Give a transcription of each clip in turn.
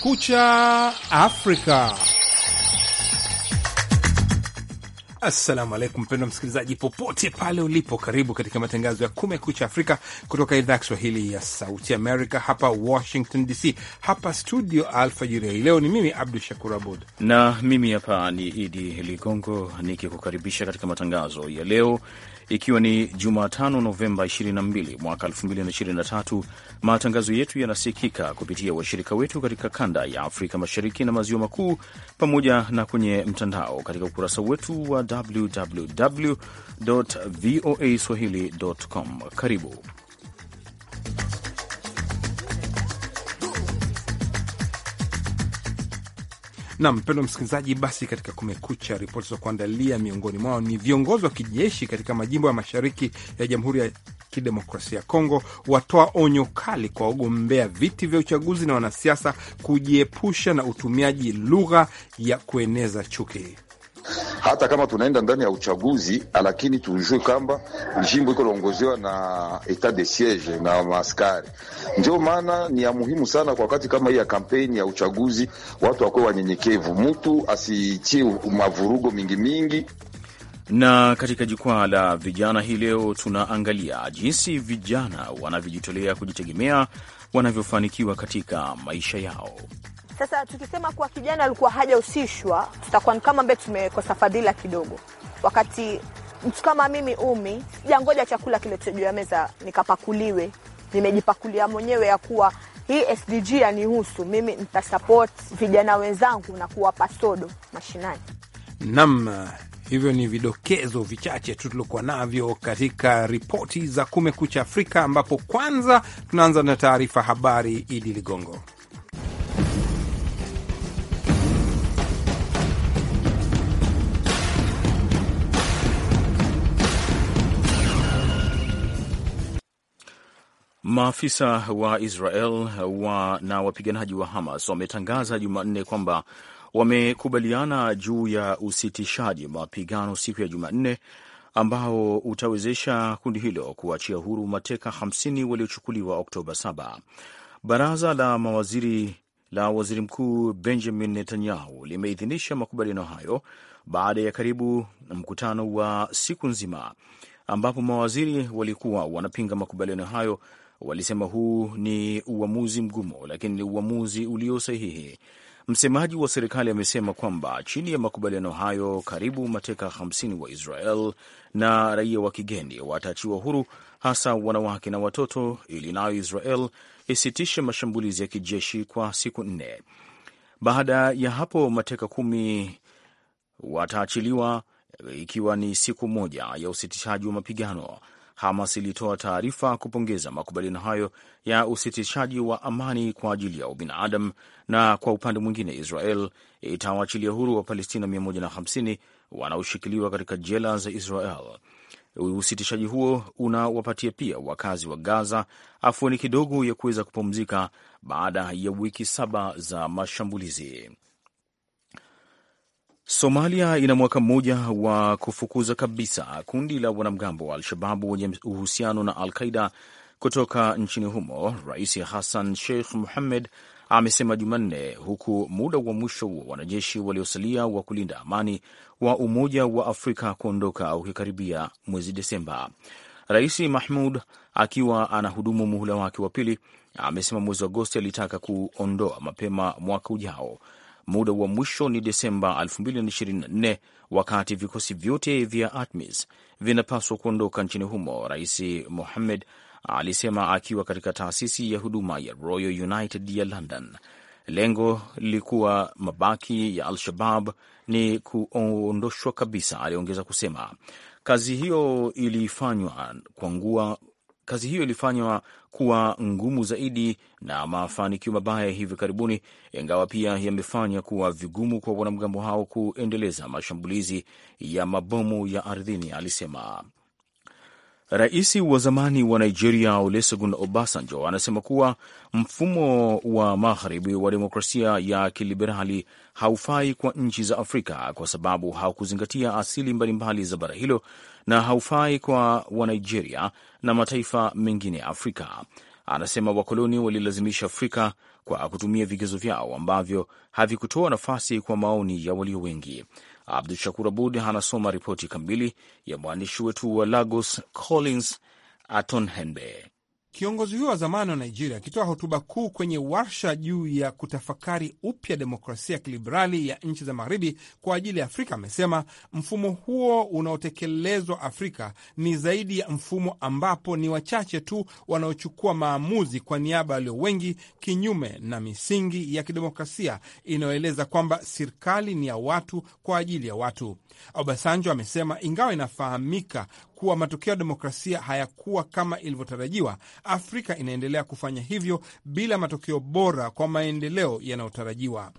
Kumekucha Afrika. Assalamu alaikum, mpendwa msikilizaji, popote pale ulipo, karibu katika matangazo ya Kumekucha Afrika kutoka idhaa ya Kiswahili ya Sauti Amerika hapa Washington DC. Hapa studio alfajiri leo ni mimi Abdu Shakur Abud na mimi hapa ni Idi Ligongo nikikukaribisha katika matangazo ya leo ikiwa ni Jumatano Novemba 22 mwaka 2023. Matangazo yetu yanasikika kupitia washirika wetu katika kanda ya Afrika Mashariki na Maziwa Makuu, pamoja na kwenye mtandao katika ukurasa wetu wa www voa swahili.com. Karibu Na mpendo msikilizaji, basi katika Kumekucha, ripoti za kuandalia, miongoni mwao ni viongozi wa kijeshi katika majimbo ya mashariki ya Jamhuri ya Kidemokrasia ya Kongo watoa onyo kali kwa wagombea viti vya uchaguzi na wanasiasa kujiepusha na utumiaji lugha ya kueneza chuki hata kama tunaenda ndani ya uchaguzi, lakini tujue kwamba jimbo iko naongozewa na etat de siege na maaskari. Ndio maana ni ya muhimu sana kwa wakati kama hii ya kampeni ya uchaguzi, watu wakuwe wanyenyekevu, mtu asitie mavurugo mingi mingi. Na katika jukwaa la vijana hii leo tunaangalia jinsi vijana wanavyojitolea kujitegemea wanavyofanikiwa katika maisha yao. Sasa tukisema kuwa kijana alikuwa hajahusishwa, tutakuwa ni kama ambaye tumekosa fadhila kidogo, wakati mtu kama mimi Umi jangoja chakula kile juu ya meza nikapakuliwe, nimejipakulia mwenyewe ya kuwa hii SDG yanihusu mimi, nitasupport vijana wenzangu na kuwapa sodo mashinani. Naam, hivyo ni vidokezo vichache tu tuliokuwa navyo katika ripoti za Kumekucha Afrika, ambapo kwanza tunaanza na taarifa habari. Idi Ligongo. Maafisa wa Israel wa na wapiganaji wa Hamas wametangaza Jumanne kwamba wamekubaliana juu ya usitishaji mapigano siku ya Jumanne ambao utawezesha kundi hilo kuachia huru mateka 50 waliochukuliwa Oktoba 7. Baraza la mawaziri la waziri mkuu Benjamin Netanyahu limeidhinisha makubaliano hayo baada ya karibu mkutano wa siku nzima ambapo mawaziri walikuwa wanapinga makubaliano hayo walisema huu ni uamuzi mgumu, lakini ni uamuzi ulio sahihi. Msemaji wa serikali amesema kwamba chini ya makubaliano hayo karibu mateka 50 wa Israel na raia wa kigeni wataachiwa huru, hasa wanawake na watoto, ili nayo Israel isitishe mashambulizi ya kijeshi kwa siku nne. Baada ya hapo mateka kumi wataachiliwa ikiwa ni siku moja ya usitishaji wa mapigano. Hamas ilitoa taarifa kupongeza makubaliano hayo ya usitishaji wa amani kwa ajili ya ubinadamu, na kwa upande mwingine Israel itawaachilia huru wa Palestina 150 wanaoshikiliwa katika jela za Israel. Usitishaji huo unawapatia pia wakazi wa Gaza afueni kidogo ya kuweza kupumzika baada ya wiki saba za mashambulizi. Somalia ina mwaka mmoja wa kufukuza kabisa kundi la wanamgambo wa Al-Shababu wenye uhusiano na Al-Qaida kutoka nchini humo, Rais Hassan Sheikh muhamed amesema Jumanne, huku muda wa mwisho wa wanajeshi waliosalia wa kulinda amani wa Umoja wa Afrika kuondoka ukikaribia mwezi Desemba. Rais Mahmud akiwa anahudumu muhula wake wa pili amesema mwezi Agosti alitaka kuondoa mapema mwaka ujao Muda wa mwisho ni Desemba 2024 wakati vikosi vyote vya ATMIS vinapaswa kuondoka nchini humo, Rais Mohamed alisema akiwa katika taasisi ya huduma ya Royal United ya London. Lengo lilikuwa mabaki ya Al-Shabab ni kuondoshwa kabisa, aliongeza kusema. Kazi hiyo ilifanywa kwa kazi hiyo ilifanywa kuwa ngumu zaidi na mafanikio mabaya ya hivi karibuni, ingawa pia yamefanya kuwa vigumu kwa wanamgambo hao kuendeleza mashambulizi ya mabomu ya ardhini, alisema. Rais wa zamani wa Nigeria Olusegun Obasanjo anasema kuwa mfumo wa magharibi wa demokrasia ya kiliberali haufai kwa nchi za Afrika kwa sababu haukuzingatia asili mbalimbali za bara hilo na haufai kwa Wanigeria na mataifa mengine ya Afrika. Anasema wakoloni walilazimisha Afrika kwa kutumia vigezo vyao ambavyo havikutoa nafasi kwa maoni ya walio wengi. Abdu Shakur Abud anasoma ripoti kamili ya mwandishi wetu wa Lagos, Collins Atonhenbe. Kiongozi huyo wa zamani wa Nigeria akitoa hotuba kuu kwenye warsha juu ya kutafakari upya demokrasia ya kiliberali ya nchi za magharibi kwa ajili ya Afrika amesema mfumo huo unaotekelezwa Afrika ni zaidi ya mfumo ambapo ni wachache tu wanaochukua maamuzi kwa niaba ya walio wengi, kinyume na misingi ya kidemokrasia inayoeleza kwamba serikali ni ya watu kwa ajili ya watu. Obasanjo amesema ingawa inafahamika kuwa matokeo ya demokrasia hayakuwa kama ilivyotarajiwa, Afrika inaendelea kufanya hivyo bila matokeo bora kwa maendeleo yanayotarajiwa.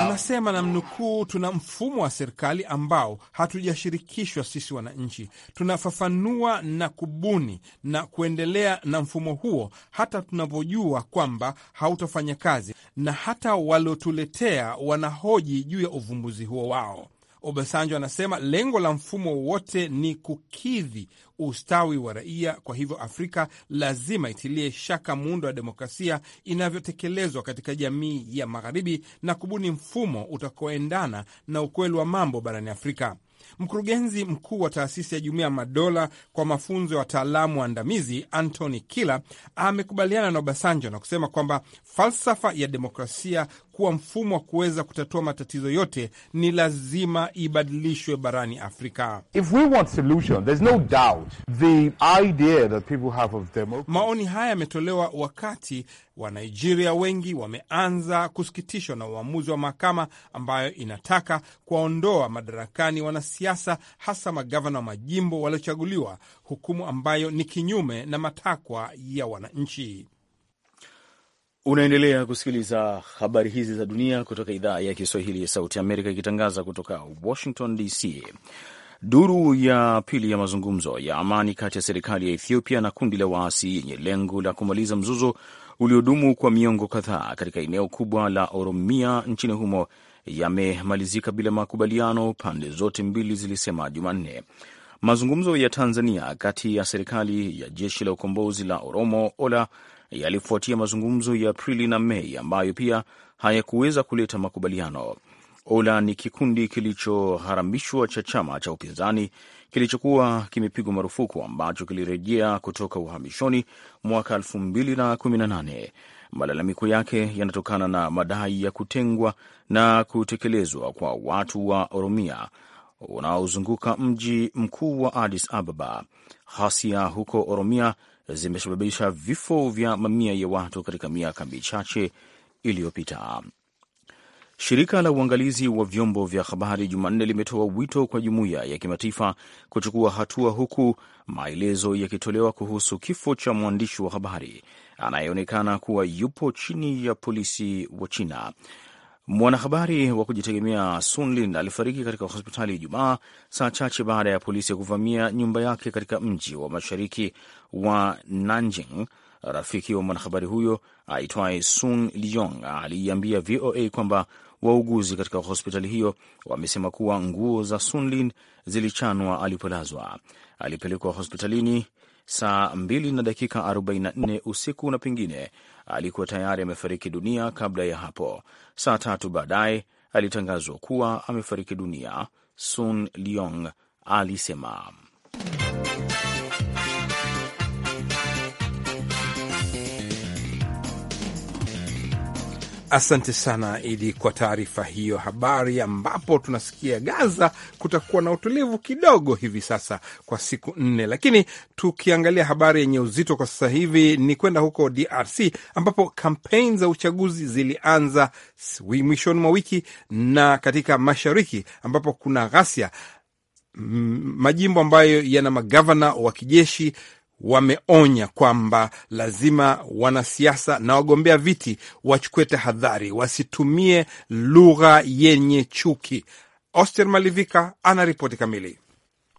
Anasema na mnukuu, tuna mfumo wa serikali ambao hatujashirikishwa sisi wananchi, tunafafanua na kubuni na kuendelea na mfumo huo hata tunavyojua kwamba hautafanya kazi, na hata waliotuletea wanahoji juu ya uvumbuzi huo wao. Obasanjo anasema lengo la mfumo wowote ni kukidhi ustawi wa raia. Kwa hivyo, Afrika lazima itilie shaka muundo wa demokrasia inavyotekelezwa katika jamii ya Magharibi na kubuni mfumo utakaoendana na ukweli wa mambo barani Afrika. Mkurugenzi mkuu wa taasisi ya Jumuiya ya Madola kwa mafunzo ya wataalamu waandamizi Anthony Kila amekubaliana na Obasanjo na kusema kwamba falsafa ya demokrasia kuwa mfumo wa kuweza kutatua matatizo yote ni lazima ibadilishwe barani Afrika. If we want solution, there's no doubt the idea that people have of democracy. Maoni haya yametolewa wakati Wanigeria wengi wameanza kusikitishwa na uamuzi wa mahakama ambayo inataka kuwaondoa madarakani wanasiasa, hasa magavana wa majimbo waliochaguliwa, hukumu ambayo ni kinyume na matakwa ya wananchi. Unaendelea kusikiliza habari hizi za dunia kutoka idhaa ya Kiswahili ya Sauti Amerika ikitangaza kutoka Washington DC. Duru ya pili ya mazungumzo ya amani kati ya serikali ya Ethiopia na kundi la waasi yenye lengo la kumaliza mzozo uliodumu kwa miongo kadhaa katika eneo kubwa la Oromia nchini humo yamemalizika bila makubaliano, pande zote mbili zilisema Jumanne. Mazungumzo ya Tanzania kati ya serikali ya jeshi la ukombozi la Oromo OLA yalifuatia mazungumzo ya Aprili na Mei ambayo pia hayakuweza kuleta makubaliano. Ola ni kikundi kilichoharamishwa cha chama cha upinzani kilichokuwa kimepigwa marufuku ambacho kilirejea kutoka uhamishoni mwaka 2018. Malalamiko yake yanatokana na madai ya kutengwa na kutekelezwa kwa watu wa Oromia unaozunguka mji mkuu wa Addis Ababa. Ghasia huko Oromia zimesababisha vifo vya mamia ya watu katika miaka michache iliyopita. Shirika la uangalizi wa vyombo vya habari Jumanne limetoa wito kwa jumuiya ya kimataifa kuchukua hatua, huku maelezo yakitolewa kuhusu kifo cha mwandishi wa habari anayeonekana kuwa yupo chini ya polisi wa China Mwanahabari wa kujitegemea Sunlin alifariki katika hospitali Ijumaa saa chache baada ya polisi ya kuvamia nyumba yake katika mji wa mashariki wa Nanjing. Rafiki wa mwanahabari huyo aitwaye Sun Liong aliiambia VOA kwamba wauguzi katika hospitali hiyo wamesema kuwa nguo za Sunlin zilichanwa alipolazwa. Alipelekwa hospitalini saa 2 na dakika 44 usiku na pengine alikuwa tayari amefariki dunia kabla ya hapo. Saa tatu baadaye alitangazwa kuwa amefariki dunia, Sun Leong alisema. Asante sana Idi kwa taarifa hiyo habari, ambapo tunasikia Gaza kutakuwa na utulivu kidogo hivi sasa kwa siku nne. Lakini tukiangalia habari yenye uzito kwa sasa hivi ni kwenda huko DRC ambapo kampeni za uchaguzi zilianza mwishoni mwa wiki na katika mashariki ambapo kuna ghasia majimbo ambayo yana magavana wa kijeshi wameonya kwamba lazima wanasiasa na wagombea viti wachukue tahadhari, wasitumie lugha yenye chuki. Oster Malivika ana ripoti kamili.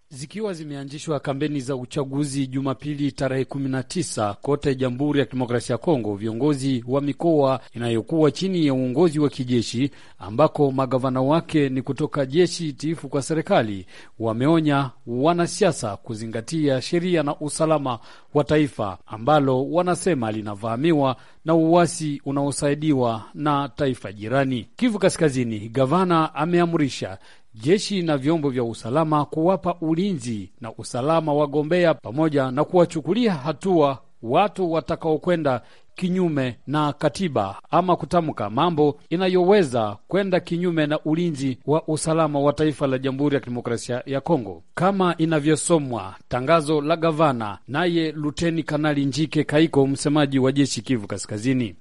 Zikiwa zimeanzishwa kampeni za uchaguzi Jumapili tarehe 19 kote Jamhuri ya Kidemokrasia ya Kongo, viongozi wa mikoa inayokuwa chini ya uongozi wa kijeshi ambako magavana wake ni kutoka jeshi tiifu kwa serikali wameonya wanasiasa kuzingatia sheria na usalama wa taifa ambalo wanasema linavamiwa na uasi unaosaidiwa na taifa jirani. Kivu Kaskazini, gavana ameamrisha jeshi na vyombo vya usalama kuwapa ulinzi na usalama wagombea pamoja na kuwachukulia hatua watu watakaokwenda kinyume na katiba ama kutamka mambo inayoweza kwenda kinyume na ulinzi wa usalama wa taifa la Jamhuri ya Kidemokrasia ya Kongo, kama inavyosomwa tangazo la gavana, naye Luteni Kanali Njike Kaiko, msemaji wa jeshi Kivu Kaskazini.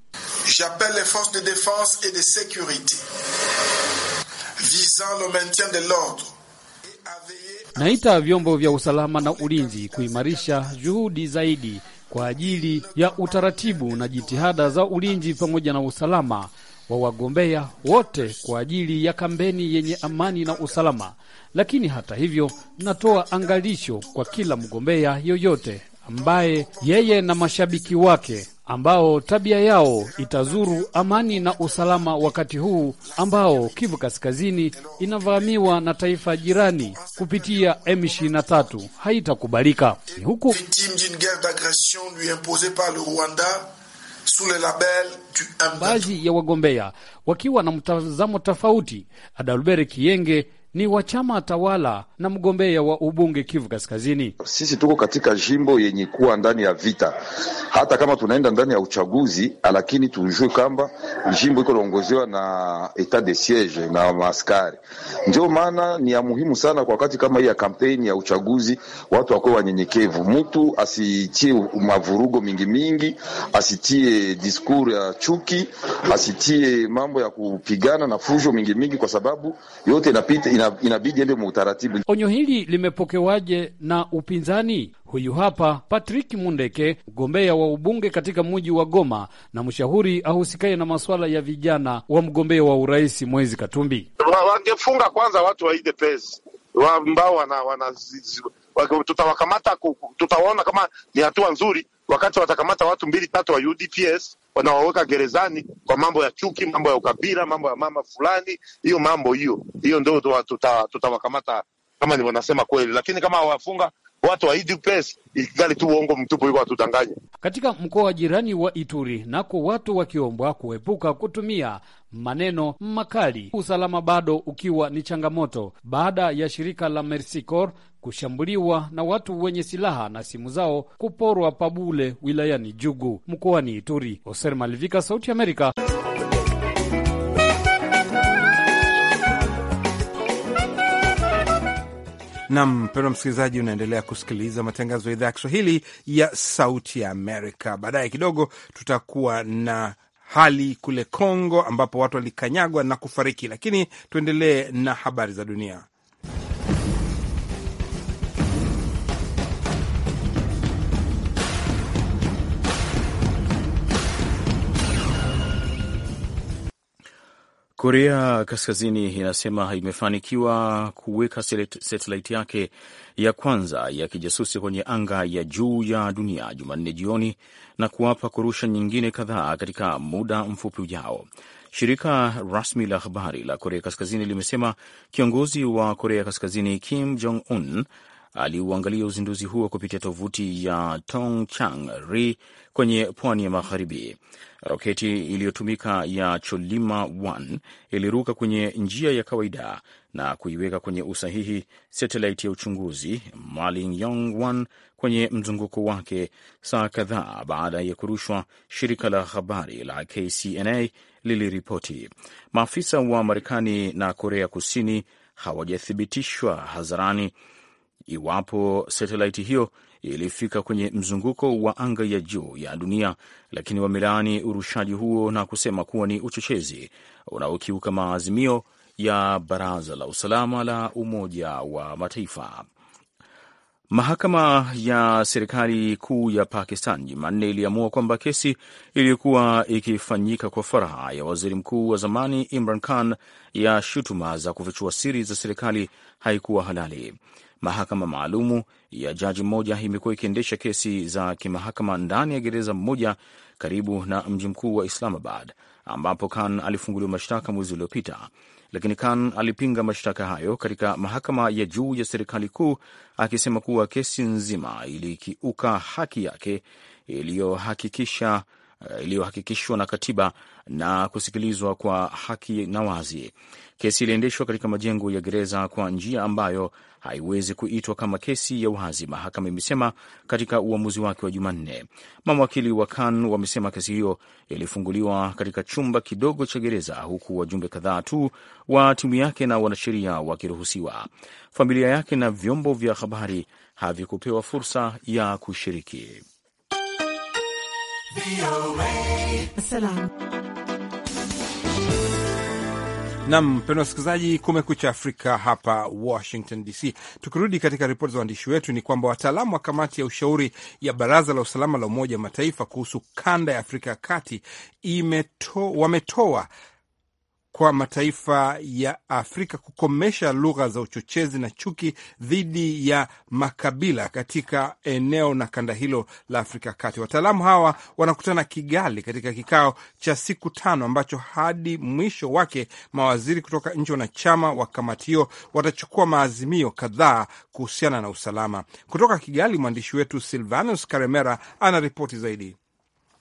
J'appelle les forces de defense et de securite visant le maintien de l'ordre. Naita vyombo vya usalama na ulinzi kuimarisha juhudi zaidi kwa ajili ya utaratibu na jitihada za ulinzi pamoja na usalama wa wagombea wote kwa ajili ya kampeni yenye amani na usalama. Lakini hata hivyo, natoa angalisho kwa kila mgombea yoyote ambaye yeye na mashabiki wake ambao tabia yao itazuru amani na usalama wakati huu ambao Kivu Kaskazini inavamiwa na taifa jirani kupitia M23 haitakubalika. Huku baadhi ya wagombea wakiwa na mtazamo tofauti, Adalbert Kiyenge ni wa chama tawala na mgombea wa ubunge Kivu Kaskazini. Sisi tuko katika jimbo yenye kuwa ndani ya vita, hata kama tunaenda ndani ya uchaguzi, lakini tujue kwamba jimbo iko naongoziwa na etat de siege na maaskari. Ndio maana ni ya muhimu sana kwa wakati kama hii ya kampeni ya uchaguzi, watu wakuwe wanyenyekevu, mtu asitie mavurugo mingi mingi, asitie diskuru ya chuki, asitie mambo ya kupigana na fujo mingi mingi, kwa sababu yote inapita ina inabidi ende muutaratibu. Onyo hili limepokewaje na upinzani? Huyu hapa Patrick Mundeke, mgombea wa ubunge katika mji wa Goma na mshauri ahusikaye na masuala ya vijana wa mgombea wa urais mwezi Katumbi. Wangefunga kwanza watu wa IDPS ambao wana, wana, wana tutawakamata, tutawaona kama ni hatua nzuri, wakati watakamata watu mbili tatu wa UDPS wanawaweka gerezani kwa mambo ya chuki, mambo ya ukabila, mambo ya mama fulani, hiyo mambo hiyo hiyo ndio tutawakamata, tuta kama wanasema kweli, lakini kama hawafunga watu wa UDPS ikigali tu uongo mtupu, iko watudanganye. Katika mkoa wa jirani wa Ituri nako watu wakiombwa kuepuka kutumia maneno makali, usalama bado ukiwa ni changamoto baada ya shirika la Mercy Corps kushambuliwa na watu wenye silaha na simu zao kuporwa Pabule wilayani Jugu mkoani Ituri. Hoser Malivika, Sauti Amerika. Nam mpendwa msikilizaji, unaendelea kusikiliza matangazo ya idhaa ya Kiswahili ya Sauti ya Amerika. Baadaye kidogo tutakuwa na hali kule Kongo ambapo watu walikanyagwa na kufariki. Lakini tuendelee na habari za dunia. Korea Kaskazini inasema imefanikiwa kuweka satelaiti yake ya kwanza ya kijasusi kwenye anga ya juu ya dunia Jumanne jioni na kuapa kurusha nyingine kadhaa katika muda mfupi ujao. Shirika rasmi la habari la Korea Kaskazini limesema kiongozi wa Korea Kaskazini Kim Jong Un aliuangalia uzinduzi huo kupitia tovuti ya Tongchang Ri kwenye pwani ya magharibi. Roketi iliyotumika ya Cholima 1 iliruka kwenye njia ya kawaida na kuiweka kwenye usahihi satelaiti ya uchunguzi Malingyong 1 kwenye mzunguko wake saa kadhaa baada ya kurushwa, shirika la habari la KCNA liliripoti. Maafisa wa Marekani na Korea Kusini hawajathibitishwa hadharani iwapo satelaiti hiyo ilifika kwenye mzunguko wa anga ya juu ya dunia, lakini wamelaani urushaji huo na kusema kuwa ni uchochezi unaokiuka maazimio ya Baraza la Usalama la Umoja wa Mataifa. Mahakama ya serikali kuu ya Pakistan Jumanne iliamua kwamba kesi iliyokuwa ikifanyika kwa faraha ya waziri mkuu wa zamani Imran Khan ya shutuma za kufichua siri za serikali haikuwa halali. Mahakama maalumu ya jaji mmoja imekuwa ikiendesha kesi za kimahakama ndani ya gereza mmoja karibu na mji mkuu wa Islamabad, ambapo Khan alifunguliwa mashtaka mwezi uliopita, lakini Khan alipinga mashtaka hayo katika mahakama ya juu ya serikali kuu, akisema kuwa kesi nzima ilikiuka haki yake iliyohakikisha Uh, iliyohakikishwa na katiba na kusikilizwa kwa haki na wazi. Kesi iliendeshwa katika majengo ya gereza kwa njia ambayo haiwezi kuitwa kama kesi ya wazi, mahakama imesema katika uamuzi wake wa Jumanne. Mawakili wa Khan wamesema kesi hiyo ilifunguliwa katika chumba kidogo cha gereza, huku wajumbe kadhaa tu wa timu yake na wanasheria wakiruhusiwa. Familia yake na vyombo vya habari havikupewa fursa ya kushiriki nam mpendo wasikilizaji, kumekucha Afrika hapa Washington DC. Tukirudi katika ripoti za waandishi wetu, ni kwamba wataalamu wa kamati ya ushauri ya baraza la usalama la Umoja wa Mataifa kuhusu kanda ya Afrika ya kati wametoa kwa mataifa ya Afrika kukomesha lugha za uchochezi na chuki dhidi ya makabila katika eneo na kanda hilo la Afrika Kati. Wataalamu hawa wanakutana Kigali katika kikao cha siku tano ambacho hadi mwisho wake mawaziri kutoka nchi wanachama wa kamati hiyo watachukua maazimio kadhaa kuhusiana na usalama. Kutoka Kigali, mwandishi wetu Silvanus Karemera ana ripoti zaidi.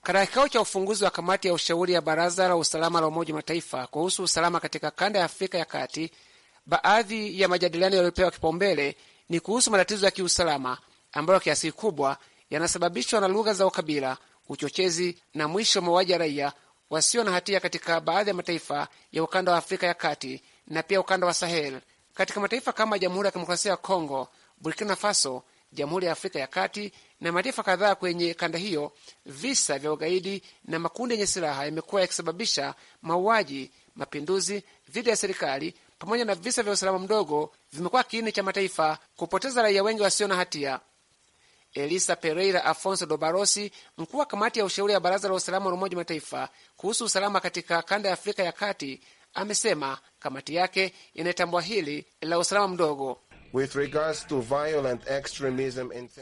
Katika kikao cha ufunguzi wa kamati ya ushauri ya baraza la usalama la Umoja wa Mataifa kuhusu usalama katika kanda ya Afrika ya Kati, baadhi ya majadiliano yaliyopewa kipaumbele ni kuhusu matatizo ya kiusalama ambayo kiasi kikubwa yanasababishwa na lugha za ukabila, uchochezi na mwisho mauaji ya raia wasio na hatia katika baadhi ya mataifa ya ukanda wa Afrika ya Kati na pia ukanda wa Sahel, katika mataifa kama Jamhuri ya Kidemokrasia ya Kongo, Burkina Faso Jamhuri ya Afrika ya Kati na mataifa kadhaa kwenye kanda hiyo, visa vya ugaidi na makundi yenye silaha yamekuwa yakisababisha mauaji, mapinduzi dhidi ya serikali, pamoja na visa vya usalama mdogo, vimekuwa kiini cha mataifa kupoteza raia wengi wasio na hatia. Elisa Pereira Afonso do Barosi, mkuu wa kamati ya ushauri ya Baraza la Usalama la Umoja Mataifa kuhusu usalama katika kanda ya Afrika ya Kati, amesema kamati yake inatambua hili la usalama mdogo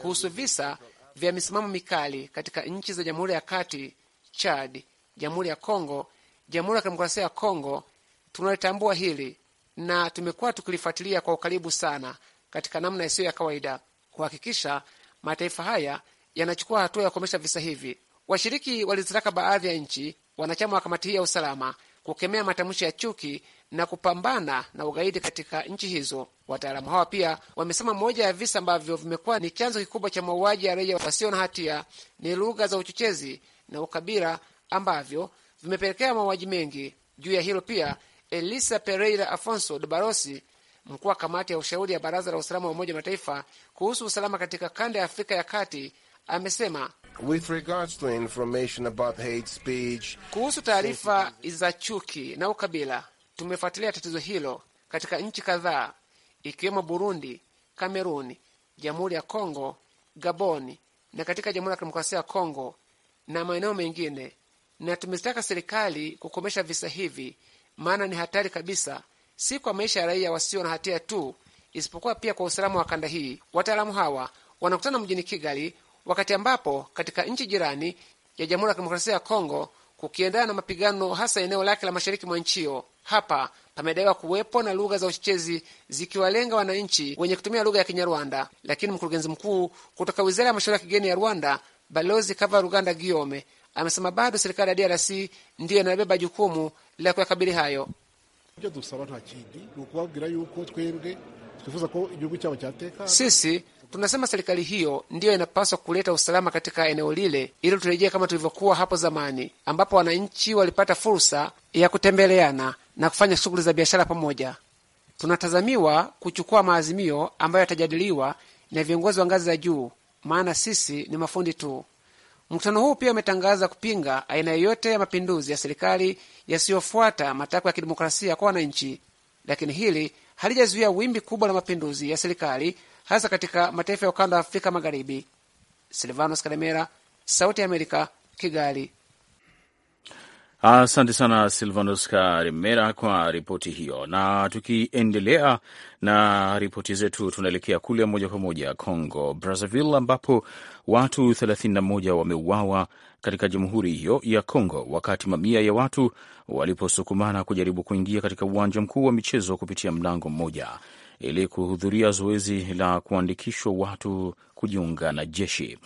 kuhusu visa vya misimamo mikali katika nchi za Jamhuri ya Kati, Chad, Jamhuri ya Kongo, Jamhuri ya Kidemokrasia ya Kongo, tunalitambua hili na tumekuwa tukilifuatilia kwa ukaribu sana katika namna isiyo ya kawaida kuhakikisha mataifa haya yanachukua hatua ya kukomesha visa hivi. Washiriki walizitaka baadhi ya nchi wanachama wa kamati hii ya usalama kukemea matamshi ya chuki na kupambana na ugaidi katika nchi hizo. Wataalamu hawa pia wamesema moja ya visa ambavyo vimekuwa ni chanzo kikubwa cha mauaji ya raia wasio na hatia ni lugha za uchochezi na ukabila ambavyo vimepelekea mauaji mengi. Juu ya hilo pia, Elisa Pereira Afonso de Barosi, mkuu wa kamati ya ushauri ya Baraza la Usalama wa Umoja wa Mataifa kuhusu usalama katika kanda ya Afrika ya Kati, amesema With regards to information about hate speech, kuhusu taarifa za chuki na ukabila Tumefuatilia tatizo hilo katika nchi kadhaa ikiwemo Burundi, Kameruni, Jamhuri ya Kongo, Gaboni na katika Jamhuri ya Kidemokrasia ya Kongo na maeneo mengine, na tumezitaka serikali kukomesha visa hivi, maana ni hatari kabisa, si kwa maisha ya raia wasio na hatia tu, isipokuwa pia kwa usalama wa kanda hii. Wataalamu hawa wanakutana mjini Kigali wakati ambapo katika nchi jirani ya Jamhuri ya Kidemokrasia ya Kongo kukiendana na mapigano hasa eneo lake la mashariki mwa nchi hiyo. Hapa pamedaiwa kuwepo na lugha za uchochezi zikiwalenga wananchi wenye kutumia lugha ya Kinyarwanda, lakini mkurugenzi mkuu kutoka wizara ya mashauri ya kigeni ya Rwanda, Balozi Kavaruganda Guillaume, amesema bado serikali ya DRC ndiyo inabeba jukumu la kuyakabili hayo. Sisi Tunasema serikali hiyo ndiyo inapaswa kuleta usalama katika eneo lile, ili turejee kama tulivyokuwa hapo zamani, ambapo wananchi walipata fursa ya kutembeleana na kufanya shughuli za biashara pamoja. Tunatazamiwa kuchukua maazimio ambayo yatajadiliwa na viongozi wa ngazi za juu, maana sisi ni mafundi tu. Mkutano huu pia umetangaza kupinga aina yoyote ya mapinduzi ya serikali yasiyofuata matakwa ya kidemokrasia kwa wananchi, lakini hili halijazuia wimbi kubwa la mapinduzi ya serikali hasa katika mataifa ya ukanda wa Afrika Magharibi. Silvanos Karemera, Sauti ya Amerika, Kigali. Asante sana Silvanos Karimera kwa ripoti hiyo. Na tukiendelea na ripoti zetu, tunaelekea kule moja kwa moja Congo Brazzaville, ambapo watu 31 wameuawa katika jamhuri hiyo ya Congo wakati mamia ya watu waliposukumana kujaribu kuingia katika uwanja mkuu wa michezo kupitia mlango mmoja ili kuhudhuria zoezi la kuandikishwa watu kujiunga na jeshi.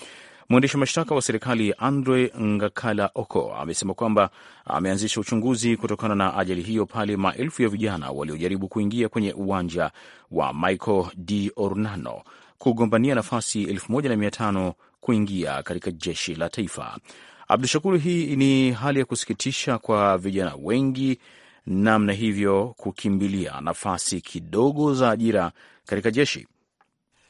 Mwendesha mashtaka wa serikali Andre Ngakala Oko amesema kwamba ameanzisha uchunguzi kutokana na ajali hiyo pale maelfu ya vijana waliojaribu kuingia kwenye uwanja wa Michael D Ornano kugombania nafasi 1500 kuingia katika jeshi la taifa. Abdu Shakuru, hii ni hali ya kusikitisha kwa vijana wengi namna hivyo kukimbilia nafasi kidogo za ajira katika jeshi.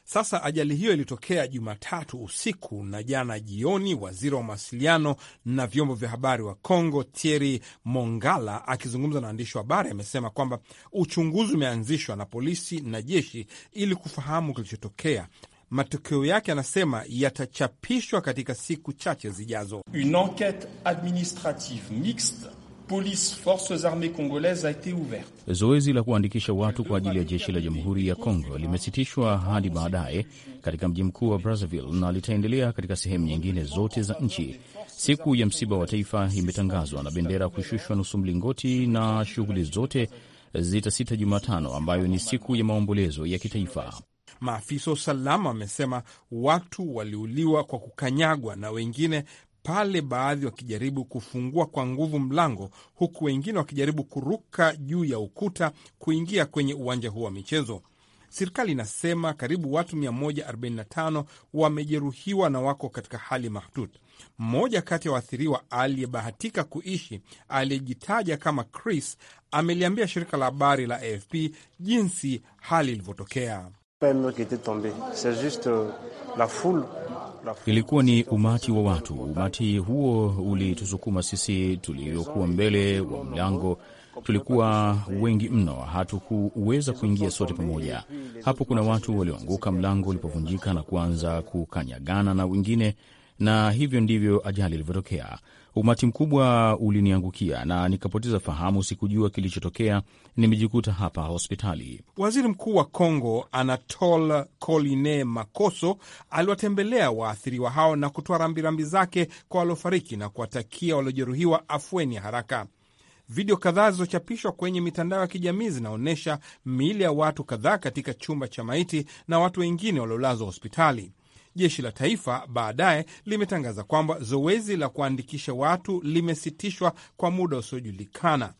Sasa ajali hiyo ilitokea Jumatatu usiku na jana jioni, waziri wa mawasiliano na vyombo vya habari wa Kongo Thierry Mongala akizungumza na waandishi wa habari amesema kwamba uchunguzi umeanzishwa na polisi na jeshi ili kufahamu kilichotokea. Matokeo yake, anasema yatachapishwa katika siku chache zijazo. Une administrative mixte police, forces armées congolaises a été ouverte. Zoezi la kuandikisha watu kwa ajili ya jeshi la Jamhuri ya Kongo limesitishwa hadi baadaye katika mji mkuu wa Brazzaville na litaendelea katika sehemu nyingine zote za nchi. Siku ya msiba wa taifa imetangazwa na bendera kushushwa nusu mlingoti na shughuli zote zitasita Jumatano, ambayo ni siku ya maombolezo ya kitaifa. Maafisa wa usalama wamesema watu waliuliwa kwa kukanyagwa na wengine pale baadhi wakijaribu kufungua kwa nguvu mlango, huku wengine wakijaribu kuruka juu ya ukuta kuingia kwenye uwanja huo wa michezo. Serikali inasema karibu watu 145 wamejeruhiwa na wako katika hali mahututi. Mmoja kati ya waathiriwa aliyebahatika kuishi aliyejitaja kama Chris ameliambia shirika la habari la AFP jinsi hali ilivyotokea ilikuwa ni umati wa watu. Umati huo ulitusukuma sisi tuliokuwa mbele wa mlango. Tulikuwa wengi mno, hatukuweza kuingia sote pamoja. Hapo kuna watu walioanguka mlango ulipovunjika na kuanza kukanyagana na wengine, na hivyo ndivyo ajali ilivyotokea. Umati mkubwa uliniangukia na nikapoteza fahamu, sikujua kilichotokea, nimejikuta hapa hospitali. Waziri Mkuu wa congo anatol coline Makoso aliwatembelea waathiriwa hao na kutoa rambirambi zake kwa waliofariki na kuwatakia waliojeruhiwa afueni ya haraka. Video kadhaa zilizochapishwa kwenye mitandao ya kijamii zinaonyesha miili ya watu kadhaa katika chumba cha maiti na watu wengine waliolazwa hospitali. Jeshi la taifa baadaye limetangaza kwamba zoezi la kuandikisha watu limesitishwa kwa muda usiojulikana.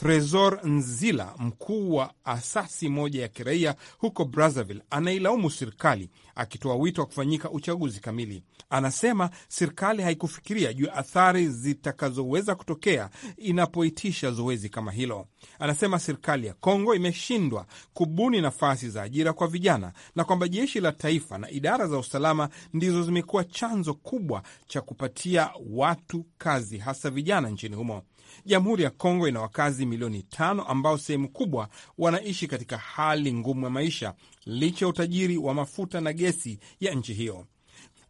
Tresor Nzila, mkuu wa asasi moja ya kiraia huko Brazzaville, anailaumu serikali akitoa wito wa kufanyika uchaguzi kamili. Anasema serikali haikufikiria juu ya athari zitakazoweza kutokea inapoitisha zoezi kama hilo. Anasema serikali ya Kongo imeshindwa kubuni nafasi za ajira kwa vijana na kwamba jeshi la taifa na idara za usalama ndizo zimekuwa chanzo kubwa cha kupatia watu kazi, hasa vijana nchini humo. Jamhuri ya Kongo ina wakazi milioni tano ambao sehemu kubwa wanaishi katika hali ngumu ya maisha licha ya utajiri wa mafuta na gesi ya nchi hiyo.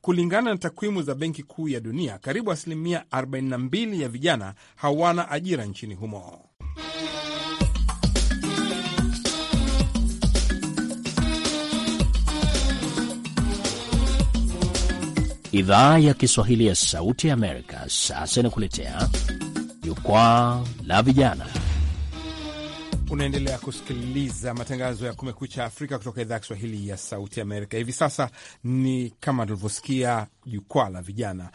Kulingana na takwimu za Benki Kuu ya Dunia, karibu asilimia 42 ya vijana hawana ajira nchini humo. Idhaa ya Kiswahili ya Sauti ya Amerika sasa inakuletea Jukwaa la Vijana. Unaendelea kusikiliza matangazo ya Kumekucha Afrika kutoka idhaa ya Kiswahili ya Sauti Amerika. Hivi sasa ni kama tulivyosikia, Jukwaa la Vijana.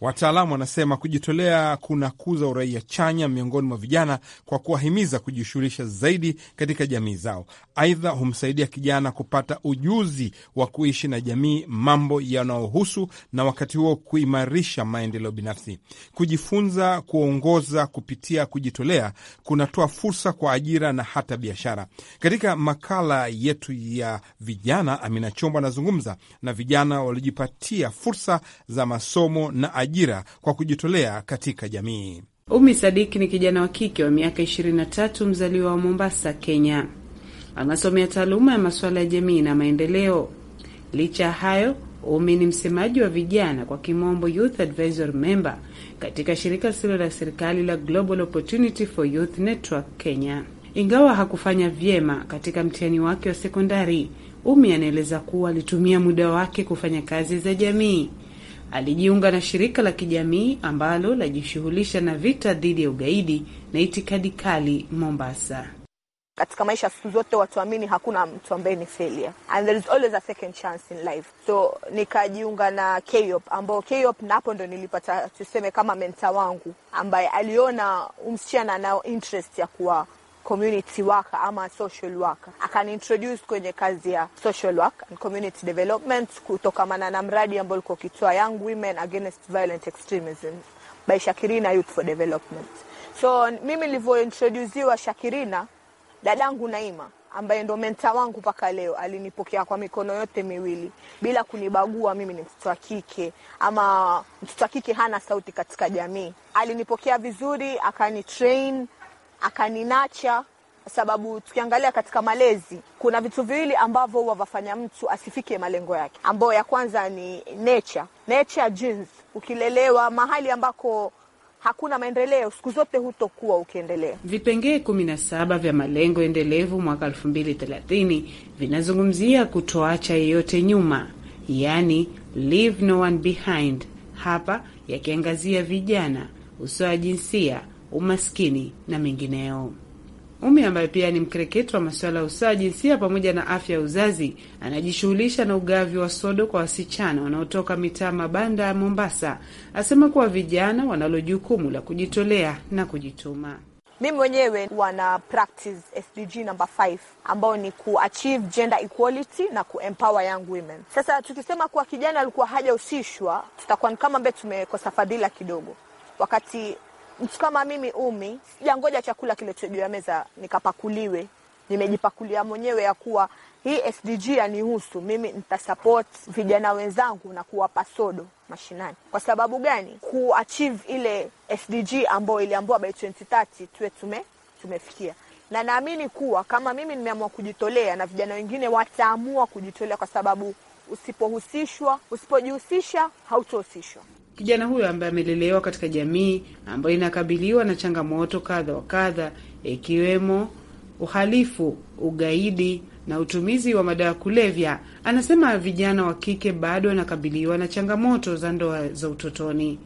Wataalamu wanasema kujitolea kunakuza uraia chanya miongoni mwa vijana kwa kuwahimiza kujishughulisha zaidi katika jamii zao. Aidha, humsaidia kijana kupata ujuzi wa kuishi na jamii, mambo yanayohusu na wakati huo kuimarisha maendeleo binafsi. Kujifunza kuongoza kupitia kujitolea kunatoa fursa kwa ajira na hata biashara. Katika makala yetu ya vijana, Amina Chombo anazungumza na vijana waliojipatia fursa za masomo na ajira ajira kwa kujitolea katika jamii. Umi sadik ni kijana wa kike wa miaka 23 mzaliwa wa Mombasa, Kenya. Anasomea taaluma ya masuala ya jamii na maendeleo. Licha ya hayo, Umi ni msemaji wa vijana kwa kimombo, Youth Advisory Member, katika shirika lisilo la serikali la Global Opportunity for Youth Network Kenya. Ingawa hakufanya vyema katika mtihani wake wa sekondari, Umi anaeleza kuwa alitumia muda wake kufanya kazi za jamii alijiunga na shirika la kijamii ambalo lajishughulisha na vita dhidi ya ugaidi na itikadi kali Mombasa. Katika maisha siku zote watuamini, hakuna mtu ambaye ni failure and there is always a second chance in life. So nikajiunga na KOP, ambao KOP napo ndo nilipata tuseme kama menta wangu ambaye aliona umsichana anao interest ya kuwa community worker ama social worker, akanintroduce kwenye kazi ya social work and community development kutokamana na mradi ambao ulikuwa ukitoa Young Women Against Violent Extremism by Shakirina Youth for Development. So mimi nilivyointrodusiwa Shakirina, dadangu Naima ambaye ndo menta wangu mpaka leo alinipokea kwa mikono yote miwili bila kunibagua. Mimi ni mtoto wa kike ama mtoto wa kike hana sauti katika jamii. Alinipokea vizuri, akani train, akaninacha sababu tukiangalia katika malezi kuna vitu viwili ambavyo wavafanya mtu asifike malengo yake, ambayo ya kwanza ni nature. Nature genes. Ukilelewa mahali ambako hakuna maendeleo, siku zote hutokuwa ukiendelea. Vipengee 17 vya malengo endelevu mwaka 2030 vinazungumzia kutoacha yeyote nyuma, yaani leave no one behind, hapa yakiangazia vijana, usawa jinsia umaskini na mengineo. Umi ambaye pia ni mkereketo wa masuala ya usawa jinsia pamoja na afya ya uzazi anajishughulisha na ugavi wa sodo kwa wasichana wanaotoka mitaa mabanda ya Mombasa, asema kuwa vijana wanalo jukumu la kujitolea na kujituma. Mimi mwenyewe wana practice SDG number 5 ambao ni kuachieve gender equality na kuempower young women. Sasa tukisema kuwa kijana alikuwa hajahusishwa, tutakuwa ni kama ambaye tumekosa fadhila kidogo, wakati mtu kama mimi Umi sijangoja chakula kilicho juu ya meza nikapakuliwe, nimejipakulia mwenyewe ya kuwa hii SDG yanihusu mimi. Nitasupport vijana wenzangu na kuwapa sodo mashinani. Kwa sababu gani? Kuachieve ile SDG ambayo iliambiwa by 2030 tuwe tume tumefikia na naamini kuwa kama mimi nimeamua kujitolea na vijana wengine wataamua kujitolea, kwa sababu usipohusishwa, usipojihusisha hautohusishwa. Kijana huyo ambaye amelelewa katika jamii ambayo inakabiliwa na changamoto kadha wa kadha, ikiwemo uhalifu, ugaidi na utumizi wa madawa ya kulevya, anasema vijana wa kike bado wanakabiliwa na changamoto za ndoa za utotoni,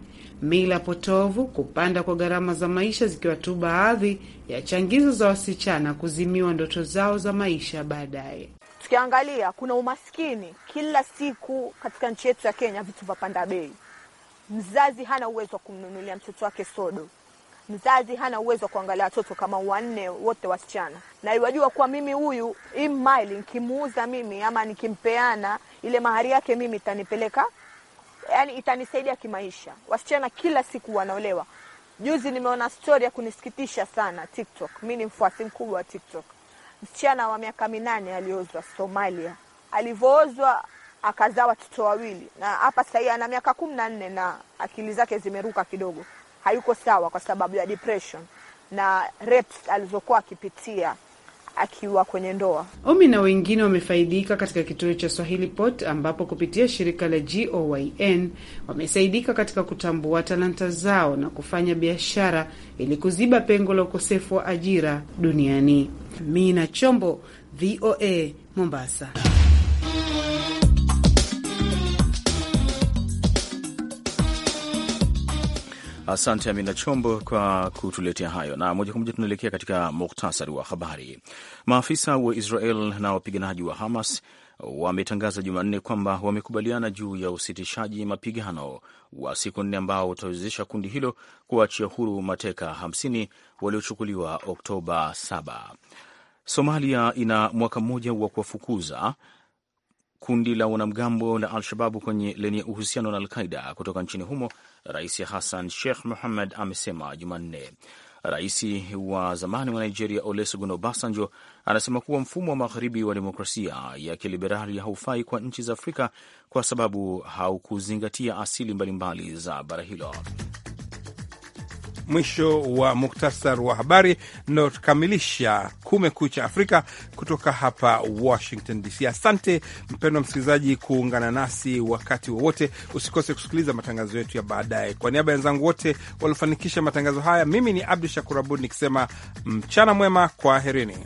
mila potovu, kupanda kwa gharama za maisha, zikiwa tu baadhi ya changizo za wasichana kuzimiwa ndoto zao za maisha baadaye. Tukiangalia, kuna umaskini kila siku katika nchi yetu ya Kenya, vitu vapanda bei Mzazi hana uwezo wa kumnunulia mtoto wake sodo. Mzazi hana uwezo wa kuangalia watoto kama wanne wote wasichana, na iwajua kuwa mimi huyu hii mali nikimuuza mimi ama nikimpeana ile mahari yake mimi itanipeleka, yani itanisaidia kimaisha. Wasichana kila siku wanaolewa. Juzi nimeona stori ya kunisikitisha sana TikTok. Mi ni mfuasi mkubwa wa TikTok. Msichana wa miaka minane aliozwa Somalia, alivyoozwa akazaa watoto wawili, na hapa sasa hivi ana miaka kumi na nne na akili zake zimeruka kidogo, hayuko sawa kwa sababu ya depression na reps alizokuwa akipitia akiwa kwenye ndoa. Omi na wengine wamefaidika katika kituo cha Swahili Pot ambapo kupitia shirika la GOYN wamesaidika katika kutambua talanta zao na kufanya biashara ili kuziba pengo la ukosefu wa ajira duniani. Mina Chombo, VOA Mombasa. Asante Amina Chombo kwa kutuletea hayo, na moja kwa moja tunaelekea katika muktasari wa habari. Maafisa wa Israel na wapiganaji wa Hamas wametangaza Jumanne kwamba wamekubaliana juu ya usitishaji mapigano wa siku nne ambao utawezesha kundi hilo kuachia huru mateka 50 waliochukuliwa Oktoba 7. Somalia ina mwaka mmoja wa kuwafukuza kundi la wanamgambo la Al-Shababu kwenye lenye uhusiano na Al-Qaida kutoka nchini humo, Rais Hassan Sheikh muhammad amesema Jumanne. Rais wa zamani wa Nigeria Olusegun Obasanjo anasema kuwa mfumo wa magharibi wa demokrasia ya kiliberali haufai kwa nchi za Afrika kwa sababu haukuzingatia asili mbalimbali za bara hilo. Mwisho wa muktasar wa habari naokamilisha Kumekucha Afrika kutoka hapa Washington DC. Asante mpendwa msikilizaji kuungana nasi wakati wowote Usikose kusikiliza matangazo yetu ya baadaye. Kwa niaba ya wenzangu wote waliofanikisha matangazo haya, mimi ni Abdu Shakur Abud nikisema mchana mwema, kwaherini.